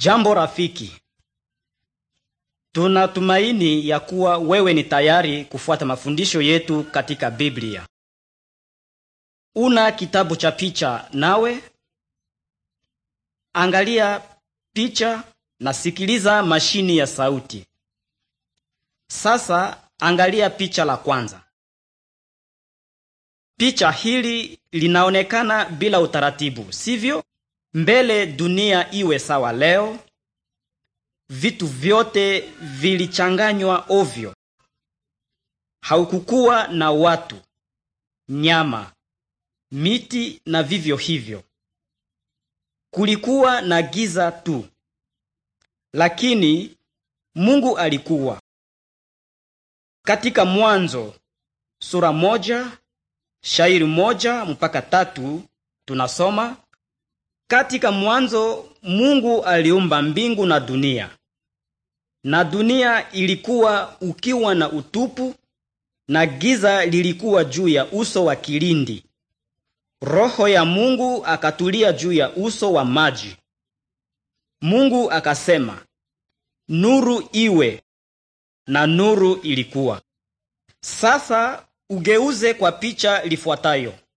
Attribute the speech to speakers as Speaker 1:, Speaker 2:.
Speaker 1: Jambo rafiki, tunatumaini ya kuwa wewe ni tayari kufuata mafundisho yetu katika Biblia. Una kitabu cha picha nawe? Angalia picha na sikiliza mashini ya sauti. Sasa angalia picha la kwanza. Picha hili linaonekana bila utaratibu, sivyo? mbele dunia iwe sawa leo, vitu vyote vilichanganywa ovyo. Haukukuwa na watu, nyama, miti na vivyo hivyo. Kulikuwa na giza tu, lakini Mungu alikuwa. Katika Mwanzo sura moja shairi moja mpaka tatu tunasoma katika mwanzo Mungu aliumba mbingu na dunia, na dunia ilikuwa ukiwa na utupu, na giza lilikuwa juu ya uso wa kilindi. Roho ya Mungu akatulia juu ya uso wa maji. Mungu akasema, nuru iwe, na nuru ilikuwa. Sasa ugeuze kwa picha lifuatayo.